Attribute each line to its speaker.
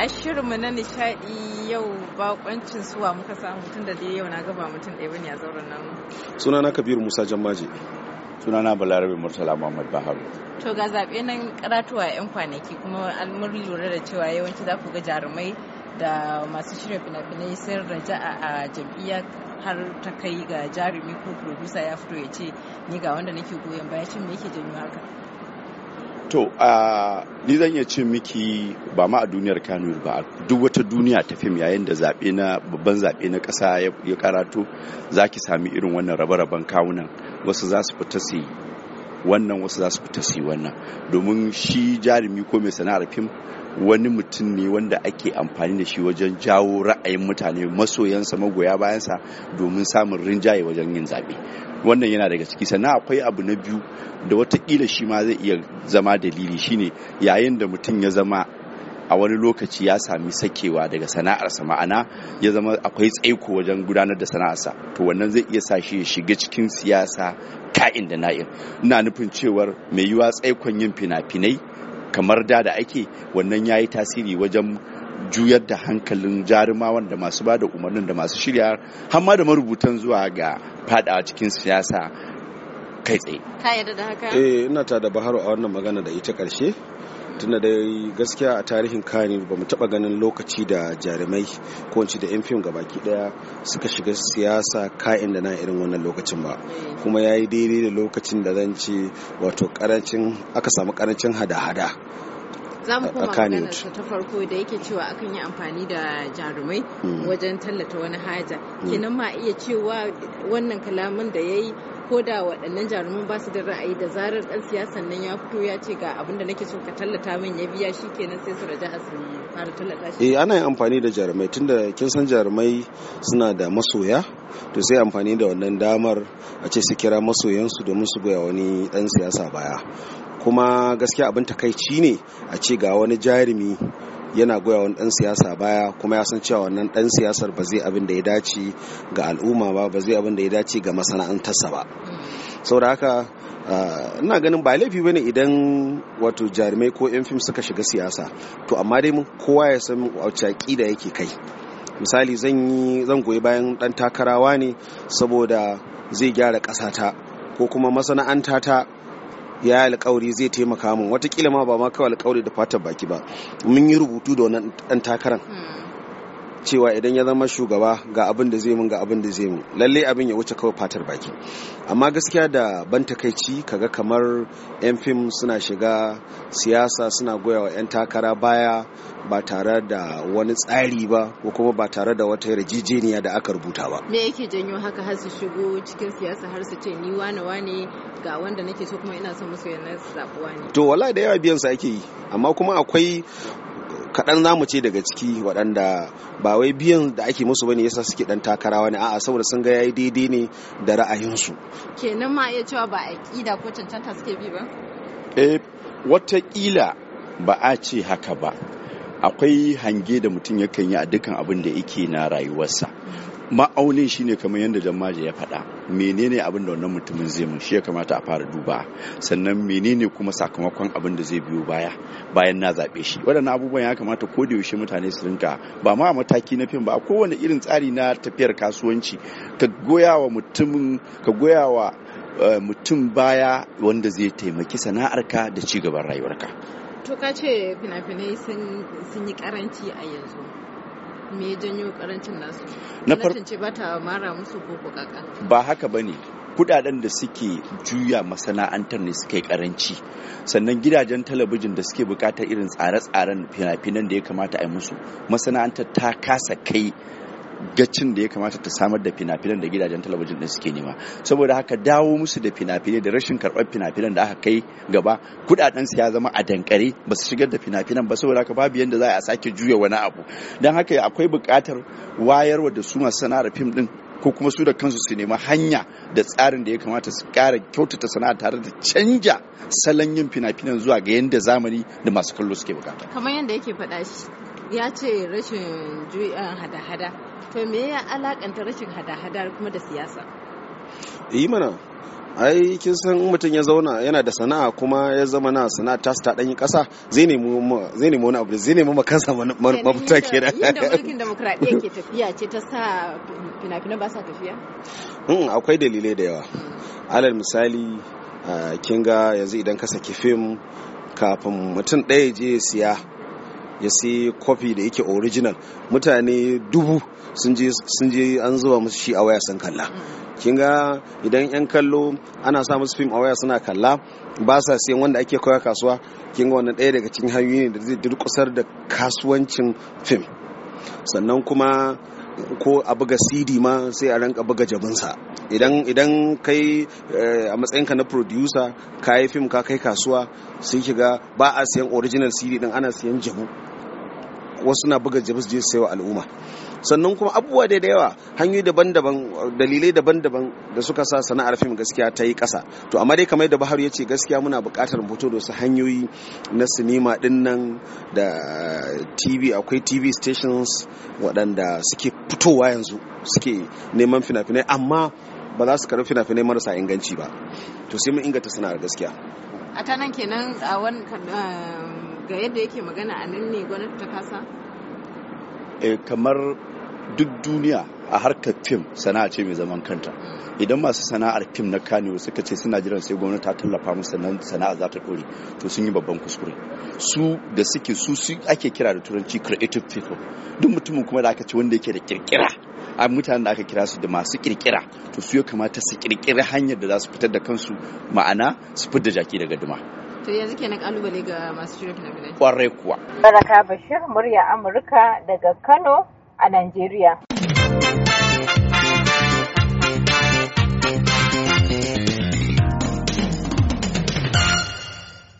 Speaker 1: a shirinmu na nishadi yau bakoncin suwa muka samu tun da yau na gaba mutum ɗaya bane a zauren nan
Speaker 2: na Kabir musa jammaje na balarabe murtala muhammad baharu
Speaker 1: to ga zaɓe nan karatuwa yan kwanaki kuma almur lura da cewa yawanci za ku ga jarumai da masu shirya fina-finai sun raja a jam'iyya har ta kai ga jarumi ko producer ya fito ya ce ni ga wanda nake goyon baya shin me yake janyo haka
Speaker 3: to ni zan iya ce miki ba ma a duniyar kano ba duk wata duniya ta fim yayin da zaɓe na babban zaɓe na ƙasa ya karato za ki sami irin wannan rabe-raben kawunan wasu za su fita su wannan wasu za su fita su yi wannan domin shi jarumi ko mai sana'ar fim wani mutum ne wanda ake amfani da shi wajen jawo ra'ayin mutane masoyansa magoya bayansa domin samun rinjaye wajen yin zaɓe wannan yana daga ciki sannan akwai abu na biyu da watakila shi ma zai iya zama dalili shine yayin da mutum ya zama a wani lokaci ya sami sakewa daga sana'arsa ma'ana ya zama akwai tsaiko wajen gudanar da sana'arsa to wannan zai iya sa shi ya shiga cikin siyasa ka'in da na'in ina nufin cewar mai yiwa tsaikon yin fina-finai kamar da da ake wannan ya yi tasiri wajen juyar da hankalin jarumawan da masu ba da umarnin da masu shirya har ma da marubutan zuwa ga
Speaker 2: fadawa cikin siyasa kai tsaye.
Speaker 1: Ka yarda da haka? Eh,
Speaker 2: ina ta da Baharu a wannan magana da ita karshe. tunda dai gaskiya a tarihin kani ba mu taba ganin lokaci da jarumai ko da yan fim gabaki daya suka shiga siyasa ka'in da na irin wannan lokacin ba kuma ya yi daidai da lokacin da zan ce wato karancin aka samu karancin hada-hada
Speaker 1: za mu koma da ta farko da yake cewa akan yi amfani da jarumai hmm. wajen tallata wani haja hmm. kenan ma iya cewa wannan kalamin da ya yi ko da waɗannan jaruman ba su da ra'ayi da zarar ɗan siyasan nan ya fito ya ce ga abin da nake so ka tallata min ya biya shi kenan sai su raja su fara tallata shi.
Speaker 2: Eh ana yin amfani da jarumai tunda kin san jarumai suna da masoya to sai amfani da wannan damar a ce su kira masoyansu domin su goya wani ɗan siyasa baya. Kuma gaskiya abin takaici ne a ce ga wani jarumi yana goya wani dan siyasa baya kuma ya san cewa wannan dan siyasar ba zai abin da ya dace ga al'umma ba ba zai abin da ya dace ga masana'antarsa ba da haka ina ganin ba laifi bane idan wato jarumai ko yan fim suka shiga siyasa to amma dai kowa ya san wacce da yake kai misali zan yi zan goyi bayan dan takarawa ne saboda zai gyara ƙasata ko kuma masana'antata ya yi alkawari zai taimaka mun watakila ma ba ma kawai alkawari da fatar baki ba mun yi rubutu da wannan ɗan takaran hmm. cewa idan ya zama shugaba ga abin da zai mun ga abin da zai mun lalle abin ya wuce kawai fatar baki amma gaskiya da ban takaici kaga kamar yan fim suna shiga siyasa suna goya wa yan takara baya ba tare da wani tsari ba ko kuma ba tare da wata yarjejeniya da aka rubuta ba
Speaker 1: me yake janyo haka har su shigo cikin siyasa har su ce ni wane wane ga wanda nake so kuma ina son musu yana zabuwa ne
Speaker 2: to wallahi da yawa biyan sa ake yi amma kuma akwai kaɗan za mu ce daga ciki waɗanda ba wai biyan da ake musu bane yasa suke ɗan takara wani a'a saboda sun ga yayi daidai ne da ra'ayinsu
Speaker 1: kenan ma iya cewa ba ko cancanta suke bi ba
Speaker 2: eh
Speaker 3: watakila ba a ce haka ba akwai hange da mutum yakan yi a dukkan abin da yake na rayuwarsa mm. ma'aunin shine kamar yadda jama'a ya faɗa menene abin da wannan mutumin zai mun shi ya kamata a fara duba sannan menene kuma sakamakon abin da zai biyo baya bayan na zaɓe shi waɗannan abubuwan ya kamata ko da yaushe mutane su rinka ba ma a mataki na fim ba a kowane irin tsari na tafiyar kasuwanci ka goya wa mutumin ka goya wa eh, mutum baya wanda zai taimaki sana'arka da ci gaban rayuwarka
Speaker 1: to ka ce fina-finai sun yi karanci a yanzu me ya janyo karancin nasu na farko ce bata mara musu koko kaka
Speaker 3: ba haka bane kudaden da suke juya masana'antar ne suka yi karanci sannan gidajen talabijin da suke bukatar irin tsare-tsaren fina-finan da ya kamata a yi musu masana'antar ta kasa kai gacin da ya kamata ta samar da fina-finan da gidajen talabijin din suke nema saboda haka dawo musu da fina-finai da rashin karɓar fina-finan da aka kai gaba kudaden su ya zama a dankare ba su shigar da fina-finan ba saboda haka babu yanda za a sake juya wani abu don haka akwai buƙatar wayarwa da su masu sana'ar fim din ko kuma su da kansu su nema hanya da tsarin da ya kamata su kara kyautata sana'a tare da canja salon yin fina-finan zuwa ga yadda zamani da masu kallo suke bukata
Speaker 1: kamar yadda yake faɗa shi ya ce rashin hada-hada to me ya alakanta rashin hada-hada kuma da siyasa
Speaker 2: yi eh mana ai kin san mutum ya zauna yana da sana'a kuma ya zama na sana'a ta ta danyi kasa zai nemi wani abu zai nemi makasa mafita ke da yadda mulkin
Speaker 1: demokradiyya ke tafiya ce ta sa fina-finan ba sa tafiya
Speaker 2: mm, akwai dalilai da yawa alal misali ah, kin ga yanzu idan ka saki fim kafin mutum ɗaya je siya ya sai kofi da yake original mutane dubu sun je an zuba musu shi a waya sun kalla kin idan yan kallo ana sa musu fim a waya suna kalla ba sa siyan wanda ake koya kasuwa kinga ga wannan daya daga cikin hanyoyi ne da zai durkusar da kasuwancin fim sannan kuma ko a buga cd ma sai a ranka buga jabinsa idan idan kai eh, a matsayinka na producer ka yi fim ka kai kasuwa sai kiga ba a siyan original cd din ana siyan jabu wasu na buga jabu je sayo al'umma sannan kuma abubuwa da yawa hanyoyi daban-daban dalilai daban-daban da suka sa sana'ar fim gaskiya ta yi kasa to amma dai kamar da baharu ya ce gaskiya muna buƙatar fito da wasu hanyoyi na sinima dinnan da eh, tv akwai tv stations waɗanda suke fitowa yanzu suke neman fina-finai amma ba za su karɓi fina-finai marasa inganci ba to sai mun inganta sana'ar gaskiya
Speaker 1: a ta nan kenan a um, ga yadda yake magana a nan ne gwamnati ta kasa
Speaker 2: eh,
Speaker 3: kamar duk duniya a harkar fim sana'a ce mai zaman kanta mm. idan masu sana'ar fim na kanewa suka ce suna jiran sai gwamnati ta tallafa musu sannan sana'a za ta dore to sun yi babban kuskure su da suke su su ake kira da turanci creative people duk mutumin kuma da aka ce wanda yake da kirkira a mutanen da aka kira su da masu kirkira to su ya kamata su kirkira hanyar da za su fitar da kansu ma'ana su fitar da jaki daga duma
Speaker 1: to yanzu kenan kalubale ga masu shirya fina-finai kwarai kuwa baraka bashir murya amurka daga kano a najeriya